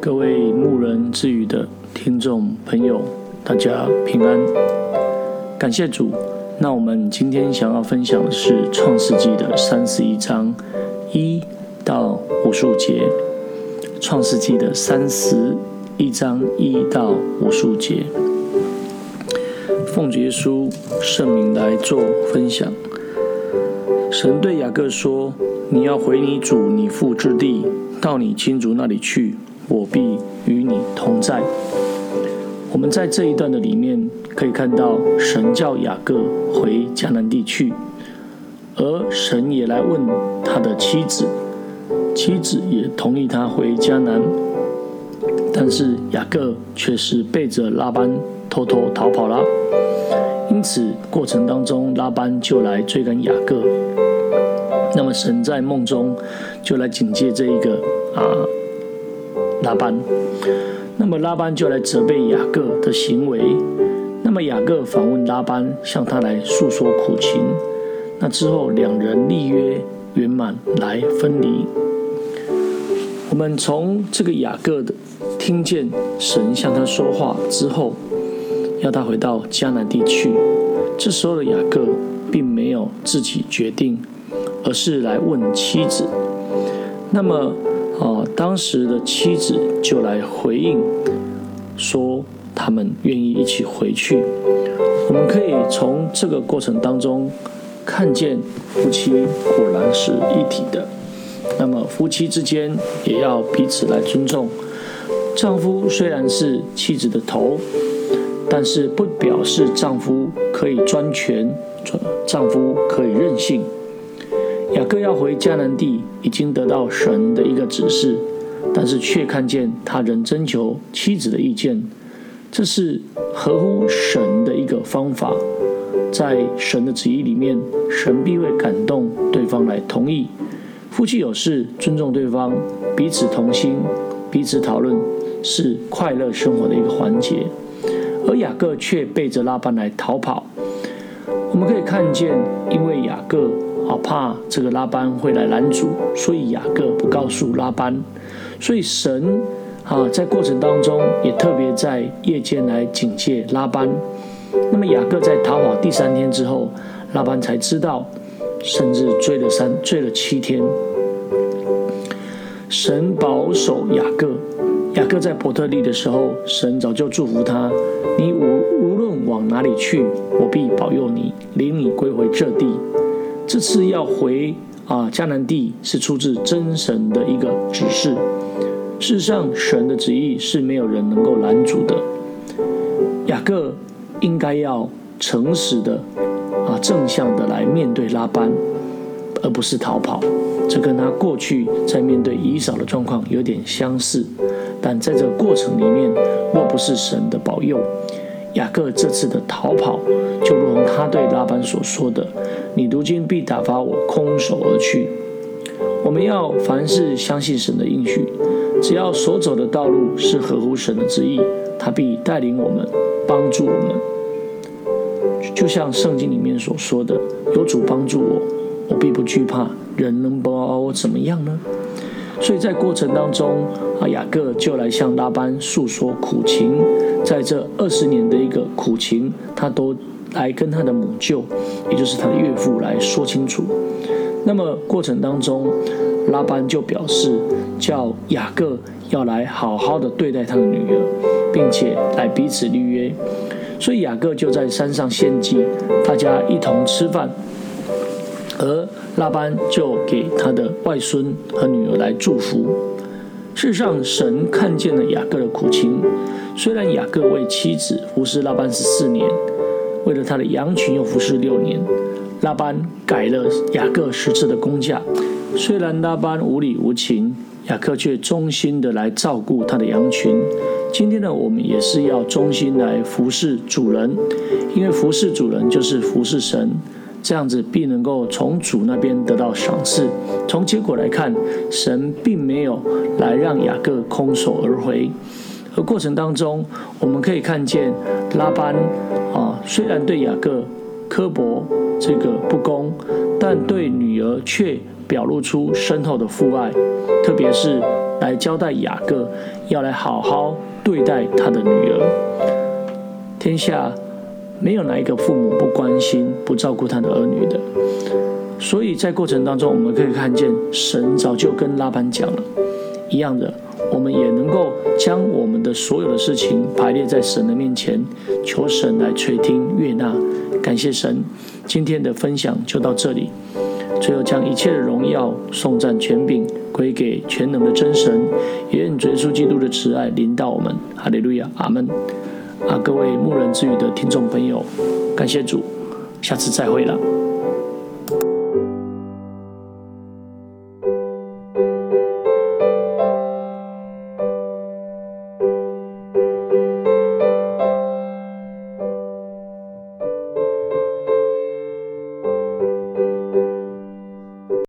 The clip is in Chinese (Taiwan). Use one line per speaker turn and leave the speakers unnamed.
各位牧人之語的聽眾朋友，大家平安，感謝主。那我們今天想要分享的是《創世紀》的三十一章一到五十五節，《創世紀》的三十一章一到五十五節，奉耶穌聖名來做分享。神對雅各說：“你要回你祖、你父之地，到你親族那裡去。”我必與你同在。我們在這一段的裡面可以看到，神叫雅各回迦南地去，而神也來問他的妻子，妻子也同意他回迦南，但是雅各卻是背着拉班偷偷逃跑了。因此過程當中，拉班就來追趕雅各。那麼神在夢中就來警戒這一個啊。拉班，那麼拉班就來責備雅各的行為，那麼雅各反問拉班，向他來訴說苦情，那之後兩人立約圓滿來分離。我們從這個雅各的聽見神向他說話之後，要他回到迦南地去，這時候的雅各並沒有自己決定，而是來問妻子，那麼。啊、哦，當時的妻子就來回應，說他們願意一起回去。我們可以從這個過程當中看見，夫妻果然是一體的。那麼夫妻之間也要彼此來尊重。丈夫雖然是妻子的頭，但是不表示丈夫可以專權，丈夫可以任性。雅各要回迦南地，已經得到神的一個指示，但是卻看見他仍徵求妻子的意見，這是合乎神的一個方法。在神的旨意裡面，神必會感動對方來同意。夫妻有事，尊重對方，彼此同心，彼此討論，是快樂生活的一個環節。而雅各卻背着拉班來逃跑，我們可以看見，因為雅各。好怕這個拉班會來攔阻，所以雅各不告訴拉班。所以神啊，在過程當中也特別在夜間來警戒拉班。那麼雅各在逃跑第三天之後，拉班才知道，甚至追了三，追了七天。神保守雅各，雅各在伯特利的時候，神早就祝福他：你無，無論往哪裡去，我必保佑你，領你歸回這地。這次要回啊迦南地是出自真神的一個指示。事實上，神的旨意是沒有人能夠攔阻的。雅各應該要誠實的啊正向的來面對拉班，而不是逃跑。這跟他過去在面對以掃的狀況有點相似，但在這過程裡面，若不是神的保佑。雅各這次的逃跑，就如同他對拉班所說的：“你如今必打發我空手而去。”我們要凡事相信神的應許，只要所走的道路是合乎神的旨意，他必帶領我們，幫助我們。就，就像聖經裡面所說的：“有主幫助我，我必不懼怕。人能把我怎麼樣呢？”所以在過程當中，啊，雅各就來向拉班訴說苦情，在這二十年的一個苦情，他都來跟他的母舅，也就是他的岳父來說清楚。那麼過程當中，拉班就表示叫雅各要來好好的對待他的女兒，並且來彼此立約。所以雅各就在山上獻祭，大家一同吃飯。而拉班就給他的外孫和女兒來祝福。事實上，神看見了雅各的苦情。雖然雅各為妻子服侍拉班十四年，為了他的羊群又服侍六年，拉班改了雅各十次的工價。雖然拉班無理無情，雅各卻忠心的來照顧他的羊群。今天呢，我們也是要忠心來服侍主人，因為服侍主人就是服侍神。這樣子必能夠從主那邊得到賞賜。從結果來看，神並沒有來讓雅各空手而回。而過程當中，我們可以看見拉班啊，雖然對雅各刻薄這個不公，但對女兒卻表露出深厚的父愛，特別是來交代雅各要來好好對待他的女兒。天下。沒有哪一個父母不關心、不照顧他的兒女的，所以在過程當中，我們可以看見神早就跟拉班講了，一樣的，我們也能夠將我們的所有的事情排列在神的面前，求神來垂聽、悅納，感謝神。今天的分享就到這裡，最後將一切的榮耀頌讚、權柄歸給全能的真神，也願耶穌基督的慈愛臨到我們。哈利路亞，阿門。啊，各位牧人之語的聽眾朋友，感謝主，下次再會了。